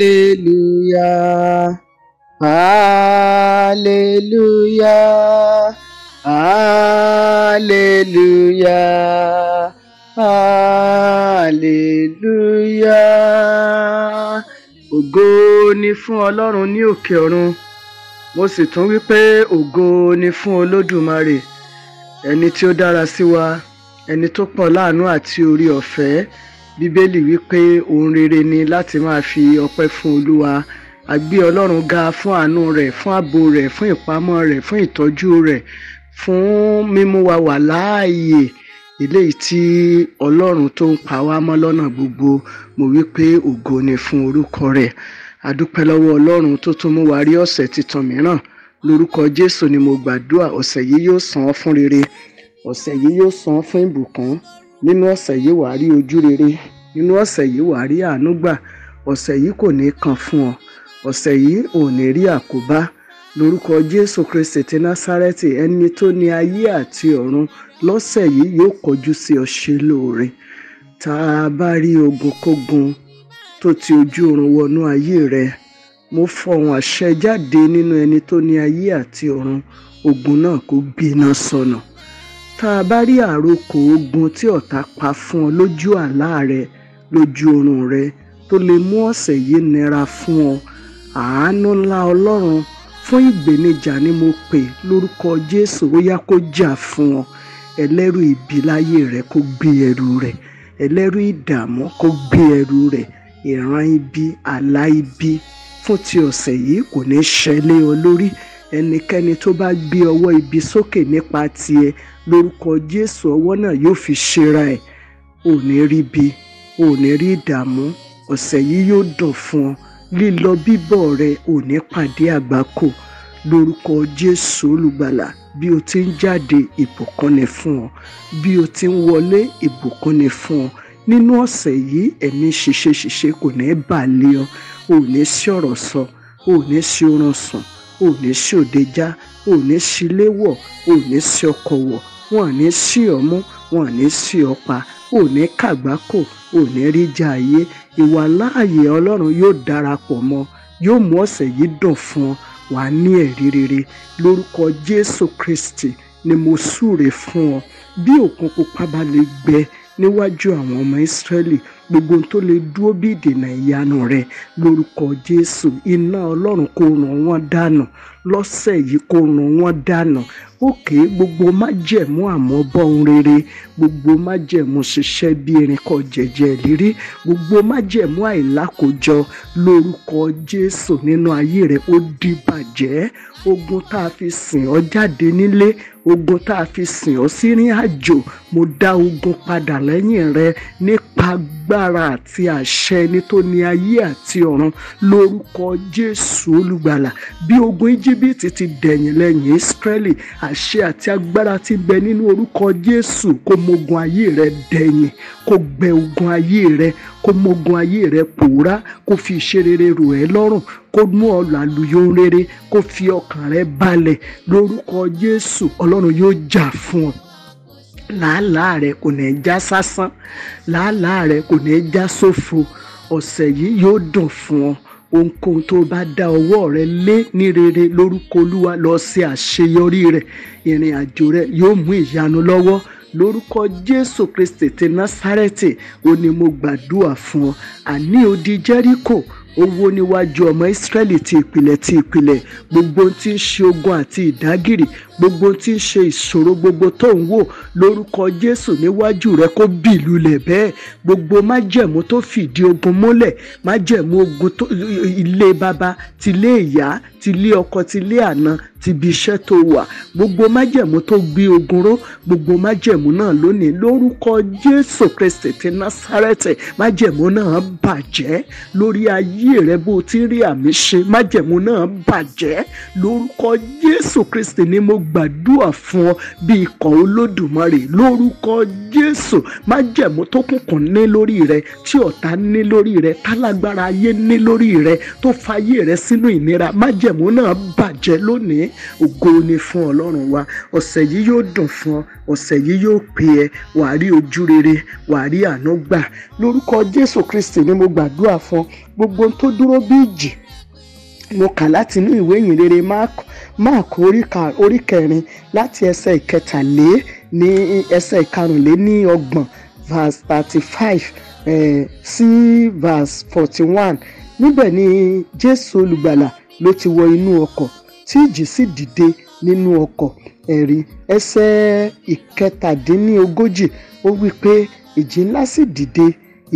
Hallelujah. Hallelujah. Hallelujah. Hallelujah. Ògo ni fún Ọlọ́run ní òkè ọ̀run. Mo sì tún wí pé ògo ni fún Olódùmarè. Ẹni tí ó dára sí wa, ẹni tó pọ̀ láàánú àti orí ọ̀fẹ́ bíbélì wípé ohun rere ni láti máa fi ọpẹ́ fún olúwa a gbé ọlọ́run ga fún àánú rẹ̀ fún ààbò rẹ̀ fún ìpamọ́ rẹ̀ fún ìtọ́jú rẹ̀ fún mímú wa wà láàyè eléyìí tí ọlọ́run tó ń pa wá mọ́ lọ́nà gbogbo mo wí pé ògo ni fún orúkọ rẹ̀ àdúpẹ́ lọ́wọ́ ọlọ́run tó tún mú wa rí ọ̀sẹ̀ tuntun mìíràn lórúkọ jésù ni mo gbàdúrà ọ̀sẹ̀ yìí yóò san án fún rere ọ̀sẹ̀ yìí yóò san án fún ìbùkún nínú ọ̀sẹ̀ yìí wàá rí ojú rere nínú ọ̀sẹ̀ yìí wàá rí àánú gbà ọ̀sẹ̀ yìí kò ní kan fún ọ ọ̀sẹ̀ yìí ò ní rí àkóbá lórúkọ jésù kristi ti násárẹ́tì ẹni tó ní ayé àti ọ̀run lọ́sẹ̀ yìí yóò kọjú sí ọ lóore tá a bá rí ogunkógun tó ti ojú oorun wọnú ayé rẹ mo fọhùn àṣẹ jáde nínú ẹni tó ní ayé àti ọ̀run ogun náà kó gbiná sọnù tá a bá rí àrokò ogun tí ọ̀tá pa fún ọ lójú àlá rẹ lójú oorun rẹ tó lè mú ọ̀sẹ̀ yìí nira fún ọ àánú ńlá ọlọ́run fún ìgbéníjà ni mo pè lórúkọ jésù ó yá kó jà fún ọ ẹlẹ́rù ibi láyé rẹ kó gbé ẹrù rẹ ẹlẹ́rù ìdààmú kó gbé ẹrù rẹ ìran ibi àlá ibi fún ti ọ̀sẹ̀ yìí kò ní ṣẹlẹ̀ ọ lórí ẹnikẹ́ni tó bá gbé ọwọ́ ibi sókè nípa tiẹ̀ lórúkọ Jésù ọwọ́ náà yóò fi ṣera ẹ̀ ò ní rí bi ò ní rí ìdààmú ọ̀sẹ̀ yìí yóò dùn fún ọ lílọ bíbọ̀ rẹ ò ní pàdé àgbákò lórúkọ Jésù olùgbàlà bí o ti ń jáde ìbùkún ni fún ọ bí o ti ń wọlé ìbùkún ni fún ọ nínú ọ̀sẹ̀ yìí ẹ̀mí ṣiṣẹ́ kò ní bà ọ ò ní sí ọ̀rọ̀ sọ ò ní sí oorun sùn ò ní ṣòde já ò ní ṣílé wọ̀ ò ní ṣí ọkọ wọ̀ wọn ò ní ṣí ọmú wọn ò ní ṣí ọpa ò ní kàgbákò ò ní rí já ayé ìwà láàyè ọlọ́run yóò darapọ̀ mọ́ yóò mú ọ̀sẹ̀ yìí dùn fún ọ wà á ní ẹ̀rí rere lórúkọ jésù kristi ni mo súre fún ọ bí òkun pupa bá lè gbẹ níwájú àwọn ọmọ ìsírẹ́lì gbogbo ohun tó lè dúró bí ìdènà ìyanu rẹ lórúkọ Jésù iná Ọlọ́run kò ràn wọ́n dànù lọ́sẹ̀ yìí kò ràn wọ́n dànù òkè gbogbo májẹ̀mú àmọ́ bọ́hun rere gbogbo májẹ̀mú ṣiṣẹ́ bí erin kọ jẹ̀jẹ̀ rírí gbogbo májẹ̀mú àìlákòjọ lórúkọ Jésù nínú ayé rẹ ó di bàjẹ́ ogun tá a fi sìn ọ́ jáde nílé ogun tá a fi sìn ọ́ sí àjò mo dá ogun padà lẹ́yìn rẹ nípa gbá agbára àti àṣẹ ẹni tó ní ayé àti ọ̀run lórúkọ Jésù olùgbàlà bí ogun íjíbítì ti dẹ̀yìn lẹ́yìn Ísírẹ́lì àṣẹ àti agbára ti bẹ nínú orúkọ Jésù kó mogun ayé rẹ dẹ̀yìn kó gbẹ ogun ayé rẹ kó mogun ayé rẹ pòórá kó fi ìṣerere rò ẹ́ lọ́rùn kó mú ọ̀là lùyọ rere kó fi ọkàn rẹ balẹ̀ lórúkọ Jésù Ọlọ́run yóò jà fún ọ làálàá rẹ kò ní já sásán làálàá rẹ kò ní já sófo ọ̀sẹ̀ yìí yóò dùn fún ọ ohunkóhun tó bá dá ọwọ́ rẹ lé ní rere lórúkọ olúwa lọ sí àṣeyọrí rẹ ìrìn àjò rẹ yóò mú ìyanu lọ́wọ́ lórúkọ jésù kristi ti násárẹ́tì ó ní mo gbàdúrà fún ọ àní odi jẹ́ríkò owó níwájú ọmọ Ísírẹ́lì ti ìpìlẹ̀ ti ìpìlẹ̀ gbogbo ohun tí ń ṣe ogun àti ìdágìrì gbogbo ohun tí ń ṣe ìṣòro gbogbo tó ń wò lórúkọ Jésù níwájú rẹ kó bì lulẹ̀ bẹ́ẹ̀ gbogbo májẹ̀mú tó fìdí ogun múlẹ̀ májẹ̀mú ogun ilé baba tilé ìyá tilé ọkọ tilé àná tibi iṣẹ́ tó wà gbogbo májẹ̀mú tó gbé ogun ró gbogbo májẹ̀mú náà lónìí lórúkọ Jésù Kristi ti Násárẹ́tì májẹ̀mú náà bàjẹ́ lórí ayé rẹ bó ti rí àmì ṣe májẹ̀mú náà bàjẹ́ lórúkọ Jésù Kristi ni mo gbàdúrà fún ọ bí ikọ̀ Olódùmarè lórúkọ Jésù májẹ̀mú tó kùnkùn ní lórí rẹ tí ọ̀tá ní lórí rẹ tálágbára ayé ní lórí rẹ tó fa ayé rẹ sínú ìnira májẹ̀mú májẹ̀mú náà bàjẹ́ lónìí ògo ni fún ọlọ́run wa ọ̀sẹ̀ yìí yóò dùn fún ọ ọ̀sẹ̀ yìí yóò pè ẹ́ wàá rí ojú rere wàá rí àánú gbà lórúkọ Jésù Kristi ni mo gbàdúrà fún gbogbo ohun tó dúró bí ìjì mo kà láti inú ìwé ìyìnrere Mark orí kẹrin láti ẹsẹ̀ ìkẹtàlé ní ẹsẹ̀ ìkarùnlé verse thirty-five eh, sí verse forty-one níbẹ̀ ni Jésù olùgbàlà ló ti wọ inú ọkọ̀ tí ìjì sì dìde nínú ọkọ̀ ẹ̀rí ẹsẹ̀ ìkẹtàdínlógójì ó wí pé ìjì ńlá sì dìde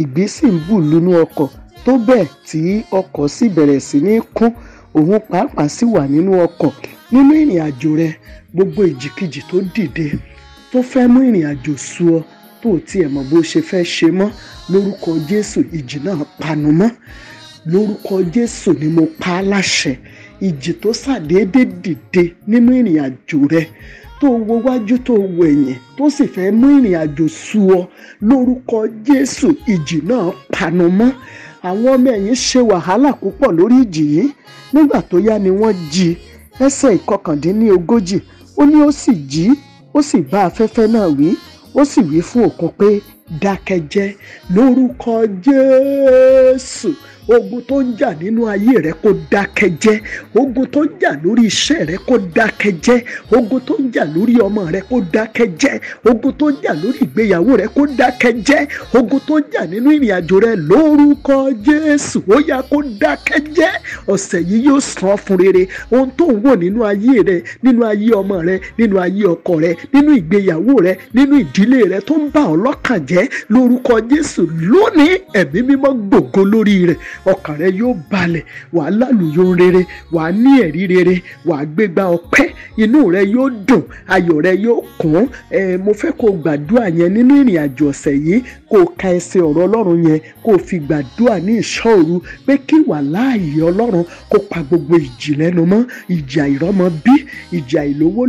ìgbì sì ń bù lúnú ọkọ̀ tó bẹ́ẹ̀ tí ọkọ̀ sì bẹ̀rẹ̀ sí ní kún òun pàápàá sì wà nínú ọkọ̀ nínú ìrìn àjò rẹ gbogbo ìjìkìjì tó dìde tó fẹ́ mú ìrìn àjò sú ọ tó tiẹ̀ mọ̀ bó ṣe fẹ́ ṣe mọ́ lórúkọ Jésù ìjì náà panu mọ́ lórúkọ Jésù ni mo pa á láṣẹ ìjì tó ṣàdédé dìde nínú ìrìn àjò rẹ tó wo wájú tó wo ẹ̀yìn tó sì fẹ́ mú ìrìn àjò sú ọ lórúkọ Jésù ìjì náà panu mọ́ àwọn ọmọ ẹ̀yìn ṣe wàhálà púpọ̀ lórí ìjì yìí nígbà tó yá ni wọ́n jí ẹsẹ̀ ìkọkàndínlógójì ó ní ó sì jí ó sì bá afẹ́fẹ́ náà wí ó sì wí fún òkun pé dákẹ́jẹ́ lórúkọ Jésù ogun tó ń jà nínú ayé rẹ kó dákẹ́jẹ́ ogun tó ń jà lórí iṣẹ́ rẹ kó dákẹ́jẹ́ ogun tó ń jà lórí ọmọ rẹ kó dákẹ́jẹ́ ogun tó ń jà lórí ìgbéyàwó rẹ kó dákẹ́jẹ́ ogun tó ń jà nínú ìrìn àjò rẹ lórúkọ Jésù ó yá kó dákẹ́jẹ́ ọ̀sẹ̀ yìí yóò sàn fún rere ohun tó ń wò nínú ayé rẹ nínú ayé ọmọ rẹ nínú ayé ọkọ rẹ nínú ìgbéyàwó rẹ nínú ìdílé rẹ tó ń bà ọ́ lọ́kàn jẹ́ jẹ́ lórúkọ Jésù lónìí ẹ̀mí mímọ́ gbògo lórí rẹ̀ ọkàn rẹ yóò balẹ̀ wàá lálùyọ rere wàá ní ẹ̀rí rere wàá gbégbá ọpẹ́ inú rẹ yóò dùn ayọ̀ rẹ yóò kún ẹ̀ mo fẹ́ kó gbàdúrà yẹn nínú ìrìn àjò ọ̀sẹ̀ yìí kó ka ẹsẹ̀ ọ̀rọ̀ Ọlọ́run yẹn kó fi gbàdúrà ní ìṣọ́ òru pé kí wà láàyè Ọlọ́run kó pa gbogbo ìjì lẹ́nu mọ́ ìjì àìrọ́mọ bí ìjì àìlówó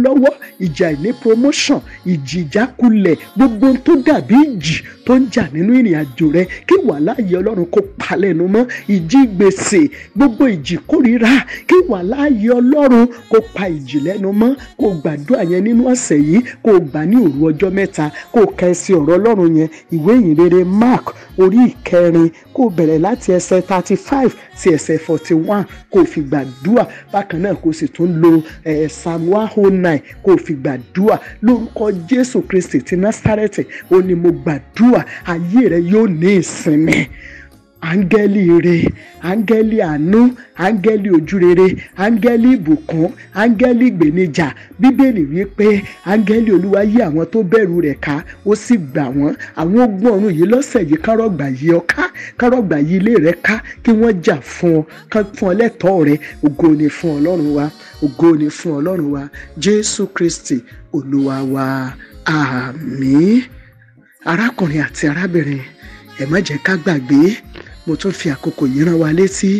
ìjì àìní promotion ìjì ìjákulẹ̀ gbogbo tó dàbí ìjì méjì tó ń jà nínú ìrìn àjò rẹ kí wàhálà yìí ọlọ́run kó palẹ̀nu mọ́ ìjì gbèsè gbogbo ìjì kórìíra kí wàhálà yìí ọlọ́run kó pa ìjì lẹ́nu mọ́ kó gbàdúrà yẹn nínú ọ̀sẹ̀ yìí kó gbà ní òru ọjọ́ mẹ́ta kó ka ẹsẹ̀ ọ̀rọ̀ ọlọ́run yẹn ìwé ìyìn Mark orí ìkẹrin kó bẹ̀rẹ̀ láti ẹsẹ̀ thirty five sí ẹsẹ̀ forty one kó fi gbàdúrà bákan náà kó sì tún lo ẹ̀ Psalm one oh nine kó fi gbàdúrà lórúkọ Jésù Kristi ti Násárẹ́tì ó ní mo gbàdúrà àdúrà ayé rẹ yóò ní ìsinmi áńgẹ́lì ire áńgẹ́lì àánú áńgẹ́lì ojúrere áńgẹ́lì ìbùkún áńgẹ́lì ìgbènijà bíbélì wípé áńgẹ́lì olúwa yí àwọn tó bẹ̀rù rẹ̀ ká ó sì gbà wọ́n àwọn ogun ọ̀run yìí lọ́sẹ̀ yìí kárọ̀gbà yí ọ kárọ̀gbà yí ilé rẹ ká kí wọ́n jà fún ọ kán fún ọ lẹ́tọ̀ọ́ rẹ ògo ni fún ọlọ́run wa ògo ni fún ọlọ́run wa jésù kristi olúwa wa àmín arákùnrin àti arábìnrin ẹ má jẹ́ ká gbàgbé mo tún fi àkókò yìí rán wa létí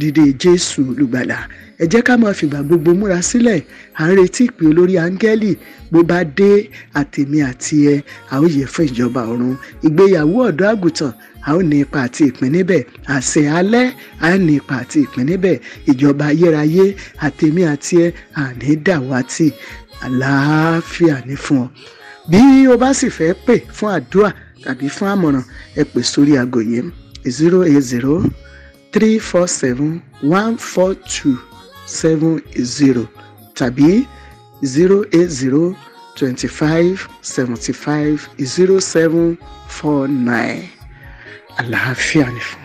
dìde jésù olùgbàlà ẹ jẹ́ ká máa fìgbà gbogbo múra sílẹ̀ à ń retí ìpè olórí áńgẹ́lì bó bá dé àtèmi àti ẹ a ó yẹ fún ìjọba ọ̀run ìgbéyàwó ọ̀dọ́ àgùntàn a ó ní ipa àti ìpín níbẹ̀ àsè alẹ́ a ó ní ipa àti ìpín níbẹ̀ ìjọba ayérayé àtèmi àti ẹ àní dàwátì àlàáfíà ní fún ọ bí o bá sì fẹ́ pè fún àdúrà tàbí fún àmọ̀ràn ẹ pè sórí aago yẹn zero eight zero three four seven one four two seven zero tàbí zero eight zero twenty five seventy five zero seven four nine àlàáfíà ni fún.